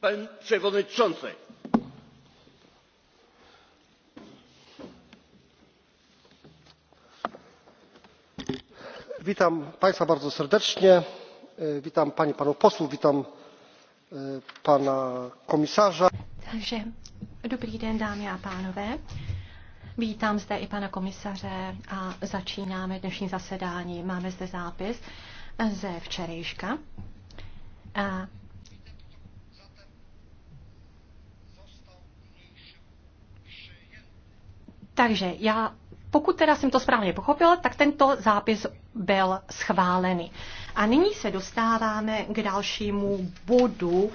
pane předsedající witam państwa bardzo serdecznie witam panie i panów posłów witam e, pana komisarza. takže dobrý den dámy a pánové vítám zde i pana komisaře a začínáme dnešní zasedání máme zde zápis ze včerejška a Takže já, pokud teda jsem to správně pochopila, tak tento zápis byl schválený. A nyní se dostáváme k dalšímu bodu